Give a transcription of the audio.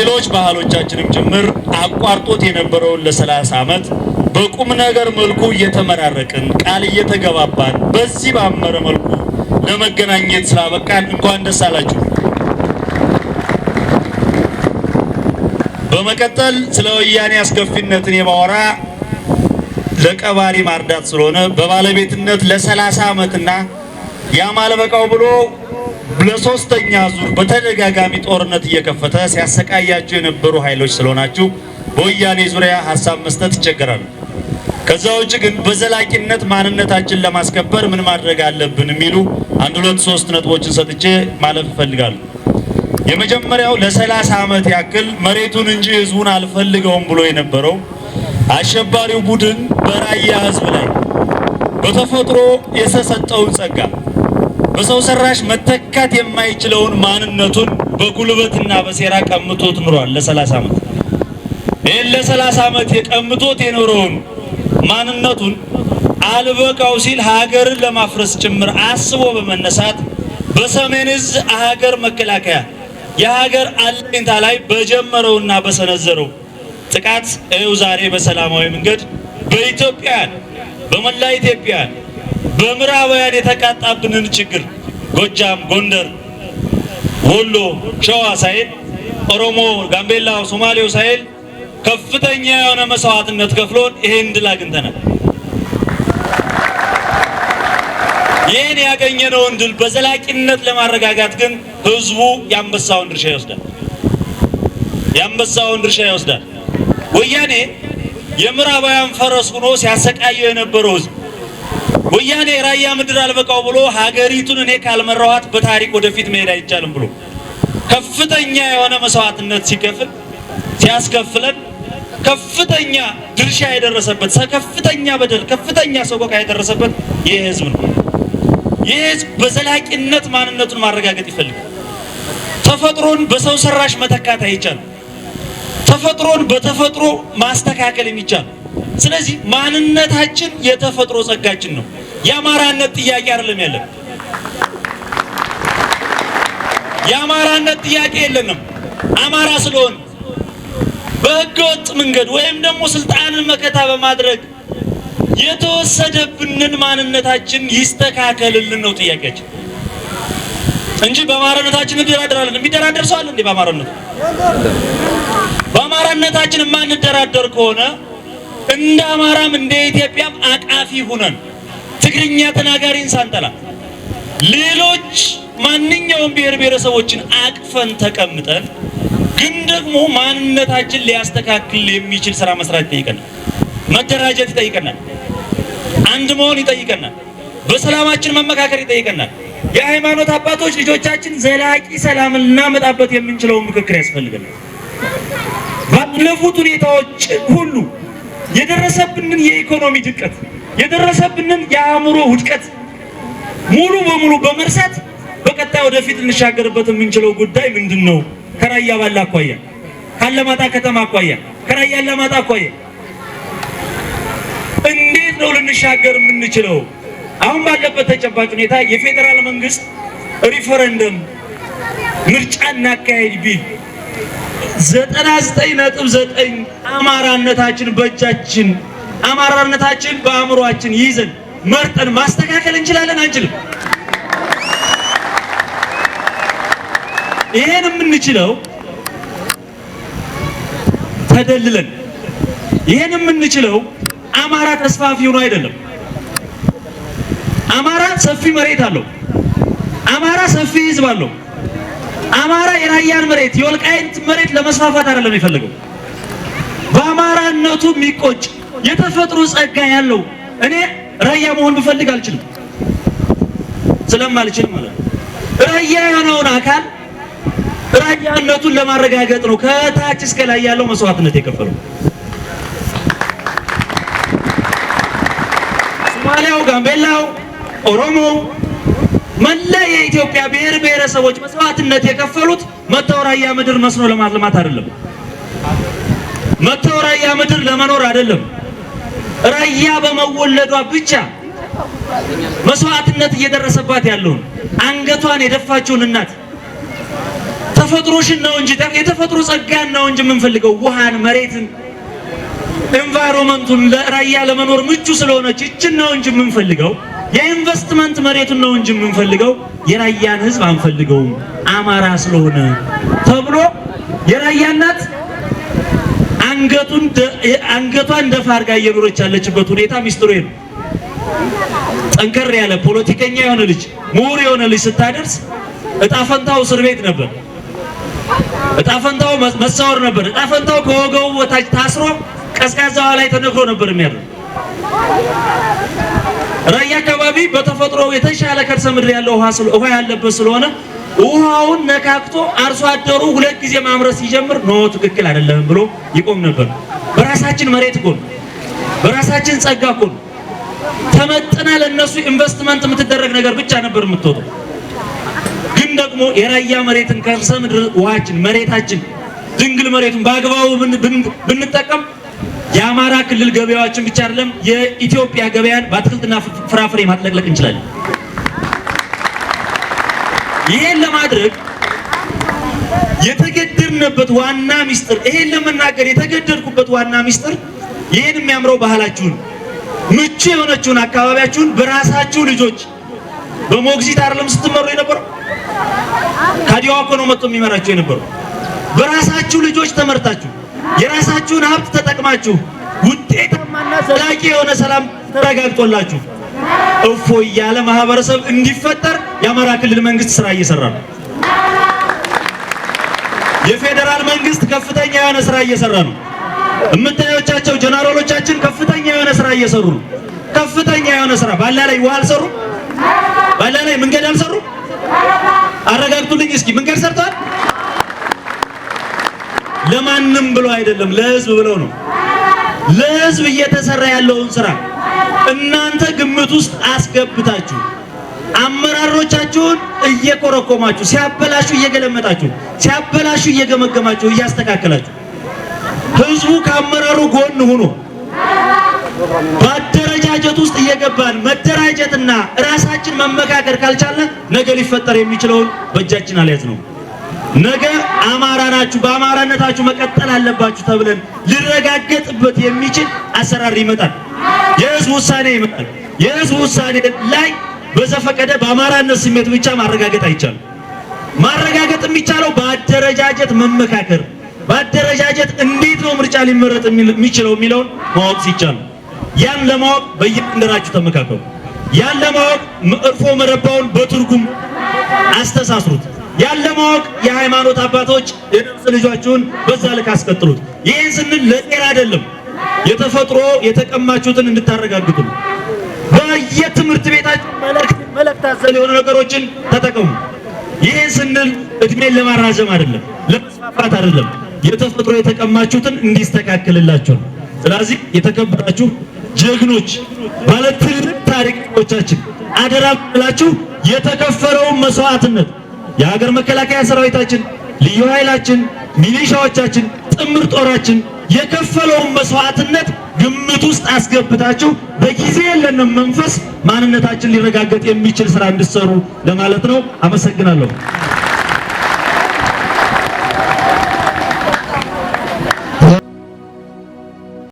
ሌሎች ባህሎቻችንም ጭምር አቋርጦት የነበረውን ለሰላሳ ዓመት በቁም ነገር መልኩ እየተመራረቅን ቃል እየተገባባን በዚህ ባመረ መልኩ ለመገናኘት ስላበቃን እንኳን ደስ አላችሁ። በመቀጠል ስለ ወያኔ አስከፊነትን የማወራ ለቀባሪ ማርዳት ስለሆነ በባለቤትነት ለሰላሳ ዓመትና ያም አለበቃው ብሎ ለሶስተኛ ዙር በተደጋጋሚ ጦርነት እየከፈተ ሲያሰቃያቸው የነበሩ ኃይሎች ስለሆናችሁ በወያኔ ዙሪያ ሀሳብ መስጠት ይቸገራል። ከዛ ውጭ ግን በዘላቂነት ማንነታችን ለማስከበር ምን ማድረግ አለብን የሚሉ አንድ ሁለት ሶስት ነጥቦችን ሰጥቼ ማለፍ ይፈልጋሉ። የመጀመሪያው ለሰላሳ ዓመት ያክል መሬቱን እንጂ ህዝቡን አልፈልገውም ብሎ የነበረው አሸባሪው ቡድን በራያ ህዝብ ላይ በተፈጥሮ የተሰጠውን ጸጋ በሰው ሰራሽ መተካት የማይችለውን ማንነቱን በጉልበትና በሴራ ቀምቶት ኑሯል ለ30 ዓመት። ይህን ለ30 ዓመት የቀምቶት የኖረውን ማንነቱን አልበቃው ሲል ሀገርን ለማፍረስ ጭምር አስቦ በመነሳት በሰሜን እዝ ሀገር መከላከያ የሀገር አለኝታ ላይ በጀመረውና በሰነዘረው ጥቃት ይኸው ዛሬ በሰላማዊ መንገድ በኢትዮጵያን በመላ ኢትዮጵያን በምዕራባውያን የተቃጣብንን ችግር ጎጃም፣ ጎንደር፣ ወሎ፣ ሸዋ ሳይል ኦሮሞ፣ ጋምቤላው፣ ሶማሌው ሳይል ከፍተኛ የሆነ መስዋዕትነት ከፍሎን ይሄን ድል አግኝተናል። ይህን ያገኘነውን ድል በዘላቂነት ለማረጋጋት ግን ህዝቡ የአንበሳውን ድርሻ ይወስዳል። የአንበሳውን ድርሻ ይወስዳል። ወያኔ የምዕራባውያን ፈረስ ሆኖ ሲያሰቃየው የነበረው ህዝብ ወያኔ ራያ ምድር አልበቃው ብሎ ሀገሪቱን እኔ ካልመራኋት በታሪክ ወደፊት መሄድ አይቻልም ብሎ ከፍተኛ የሆነ መስዋዕትነት ሲከፍል ሲያስከፍለን ከፍተኛ ድርሻ የደረሰበት ከፍተኛ በደል ከፍተኛ ሰቆቃ የደረሰበት ይህ ህዝብ ነው። ይህ ህዝብ በዘላቂነት ማንነቱን ማረጋገጥ ይፈልጋል። ተፈጥሮን በሰው ሰራሽ መተካት አይቻል። ተፈጥሮን በተፈጥሮ ማስተካከል የሚቻል ስለዚህ ማንነታችን የተፈጥሮ ጸጋችን ነው። የአማራነት ጥያቄ አይደለም ያለን። የአማራነት ጥያቄ የለንም። አማራ ስለሆን በህገ ወጥ መንገድ ወይም ደግሞ ስልጣንን መከታ በማድረግ የተወሰደብንን ማንነታችን ይስተካከልልን ነው ጥያቄያችን እንጂ በአማራነታችን እንደራደራለን። የሚደራደር ሰው አለ እንዴ? በአማራነት በአማራነታችን የማንደራደር ከሆነ እንደ አማራም እንደ ኢትዮጵያም አቃፊ ሁነን ትግርኛ ተናጋሪን ሳንጠላ ሌሎች ማንኛውም ብሔር ብሔረሰቦችን አቅፈን ተቀምጠን ግን ደግሞ ማንነታችን ሊያስተካክል የሚችል ስራ መስራት ይጠይቀናል። መደራጀት ይጠይቀናል። አንድ መሆን ይጠይቀናል። በሰላማችን መመካከር ይጠይቀናል። የሃይማኖት አባቶች ልጆቻችን ዘላቂ ሰላም እናመጣበት የምንችለውን ምክክር ያስፈልገናል። ባለፉት ሁኔታዎች ሁሉ የደረሰብንን የኢኮኖሚ ድቀት የደረሰብንን የአእምሮ ውድቀት ሙሉ በሙሉ በመርሳት በቀጣይ ወደፊት ልንሻገርበት የምንችለው ጉዳይ ምንድን ነው? ከራያ ባላ አኳያ፣ ካለማጣ ከተማ አኳያ፣ ከራያ አላማጣ አኳያ እንዴት ነው ልንሻገር የምንችለው? አሁን ባለበት ተጨባጭ ሁኔታ የፌዴራል መንግስት ሪፈረንደም ምርጫ እናካሄድ ቢል ዘጠና ዘጠኝ ነጥብ ዘጠኝ አማራነታችን በእጃችን አማራነታችን በአእምሯችን ይዘን መርጠን ማስተካከል እንችላለን አንችልም? ይሄን የምንችለው ተደልለን፣ ይሄን የምንችለው አማራ ተስፋፊ ሆኖ አይደለም። አማራ ሰፊ መሬት አለው። አማራ ሰፊ ህዝብ አለው። አማራ የራያን መሬት የወልቃይት መሬት ለመስፋፋት አይደለም የፈለገው በአማራነቱ የሚቆጭ የተፈጥሮ ጸጋ ያለው እኔ ራያ መሆን ብፈልግ አልችልም፣ ስለማልችል ማለት ነው። ራያ የሆነውን አካል ራያነቱን ለማረጋገጥ ነው ከታች እስከ ላይ ያለው መስዋዕትነት የከፈለው። ሶማሊያው፣ ጋምቤላው፣ ኦሮሞ መላ የኢትዮጵያ ብሔር ብሔረሰቦች መስዋዕትነት የከፈሉት መተው ራያ ምድር መስኖ ለማልማት አይደለም። መተው ራያ ምድር ለመኖር አይደለም። ራያ በመወለዷ ብቻ መስዋዕትነት እየደረሰባት ያለውን አንገቷን የደፋችውን እናት ተፈጥሮሽን ነው እንጂ የተፈጥሮ ጸጋን ነው እንጂ የምንፈልገው ውሃን፣ መሬትን፣ ኤንቫይሮመንቱን ለራያ ለመኖር ምቹ ስለሆነች እችን ነው እንጂ የምንፈልገው የኢንቨስትመንት መሬቱን ነው እንጂ የምንፈልገው የራያን ህዝብ አንፈልገውም አማራ ስለሆነ ተብሎ የራያ እናት አንገቱን አንገቷን ደፋ አድርጋ እየኖረች ያለችበት ሁኔታ ሚስጥሩ ነው። ጠንከር ያለ ፖለቲከኛ የሆነ ልጅ ምሁር የሆነ ልጅ ስታደርስ እጣፈንታው እስር ቤት ነበር። እጣፈንታው መሳወር ነበር። እጣፈንታው ከወገቡ በታች ታስሮ ቀዝቃዛዋ ላይ ተነክሮ ነበር የሚያደርግ። ራያ አካባቢ በተፈጥሮ የተሻለ ከርሰ ምድር ያለው ውሃ ያለበት ስለሆነ ውሃውን ነካክቶ አርሶ አደሩ ሁለት ጊዜ ማምረት ሲጀምር ኖ ትክክል አይደለም ብሎ ይቆም ነበር። በራሳችን መሬት እኮ ነው፣ በራሳችን ጸጋ እኮ ነው። ተመጥና ለነሱ ኢንቨስትመንት የምትደረግ ነገር ብቻ ነበር የምትወጡ። ግን ደግሞ የራያ መሬትን ከርሰ ምድር ውሃችን መሬታችን ድንግል መሬቱን በአግባቡ ብንጠቀም የአማራ ክልል ገበያዎችን ብቻ አይደለም የኢትዮጵያ ገበያን በአትክልትና ፍራፍሬ ማጥለቅለቅ እንችላለን። ይሄን ለማድረግ የተገደድንበት ዋና ሚስጥር ይሄን ለመናገር የተገደድኩበት ዋና ሚስጥር ይሄን የሚያምረው ባህላችሁን ምቹ የሆነችውን አካባቢያችሁን በራሳችሁ ልጆች በሞግዚት አይደለም ስትመሩ የነበረው ካዲዋ እኮ ነው መጥቶ የሚመራችሁ የነበረው። በራሳችሁ ልጆች ተመርታችሁ የራሳችሁን ሀብት ተጠቅማችሁ ውጤታማና ዘላቂ የሆነ ሰላም ተረጋግጦላችሁ እፎ እያለ ማህበረሰብ እንዲፈጠር የአማራ ክልል መንግስት ስራ እየሰራ ነው። የፌዴራል መንግስት ከፍተኛ የሆነ ስራ እየሰራ ነው። እምታዮቻቸው ጀነራሎቻችን ከፍተኛ የሆነ ስራ እየሰሩ ነው። ከፍተኛ የሆነ ስራ ባላ ላይ ውሃ አልሰሩ፣ ባላ ላይ መንገድ አልሰሩ። አረጋግጡልኝ እስኪ መንገድ ሰርተዋል? ለማንም ብሎ አይደለም ለህዝብ ብለው ነው። ለህዝብ እየተሰራ ያለውን ስራ እናንተ ግምት ውስጥ አስገብታችሁ አመራሮቻችሁን እየቆረቆማችሁ ሲያበላሹ እየገለመጣችሁ ሲያበላሹ እየገመገማችሁ እያስተካከላችሁ ህዝቡ ከአመራሩ ጎን ሆኖ በአደረጃጀት ውስጥ እየገባን መደራጀትና ራሳችን መመካከር ካልቻለ ነገ ሊፈጠር የሚችለውን በእጃችን አልያዝ ነው። ነገ አማራ ናችሁ በአማራነታችሁ መቀጠል አለባችሁ ተብለን ሊረጋገጥበት የሚችል አሰራር ይመጣል። የህዝብ ውሳኔ ይመጣል። የህዝብ ውሳኔ ላይ በዘፈቀደ በአማራነት ስሜት ብቻ ማረጋገጥ አይቻልም። ማረጋገጥ የሚቻለው በአደረጃጀት መመካከር፣ በአደረጃጀት እንዴት ነው ምርጫ ሊመረጥ የሚችለው የሚለውን ማወቅ ሲቻል፣ ያን ለማወቅ በየመንደራችሁ ተመካከሩ። ያን ለማወቅ እርፎ መረባውን በትርጉም አስተሳስሩት። ያን ለማወቅ የሃይማኖት አባቶች የነፍስ ልጇችሁን በዛ ልክ አስቀጥሉት። ይህን ስንል ለጤና አይደለም፣ የተፈጥሮ የተቀማችሁትን እንድታረጋግጡ ነው። በየትምህርት ቤታችን መልእክት አዘል የሆኑ ነገሮችን ተጠቀሙ። ይህን ስንል እድሜን ለማራዘም አይደለም፣ ለመስፋፋት አይደለም። የተፈጥሮ የተቀማችሁትን እንዲስተካከልላችሁ ነው። ስለዚህ የተከበራችሁ ጀግኖች ባለ ትልቅ ታሪኮቻችን አደራ ብላችሁ የተከፈለውን መስዋዕትነት የሀገር መከላከያ ሰራዊታችን፣ ልዩ ኃይላችን፣ ሚሊሻዎቻችን፣ ጥምር ጦራችን የከፈለውን መስዋዕትነት ግምት ውስጥ አስገብታችሁ በጊዜ የለንም መንፈስ ማንነታችን ሊረጋገጥ የሚችል ስራ እንድትሰሩ ለማለት ነው። አመሰግናለሁ።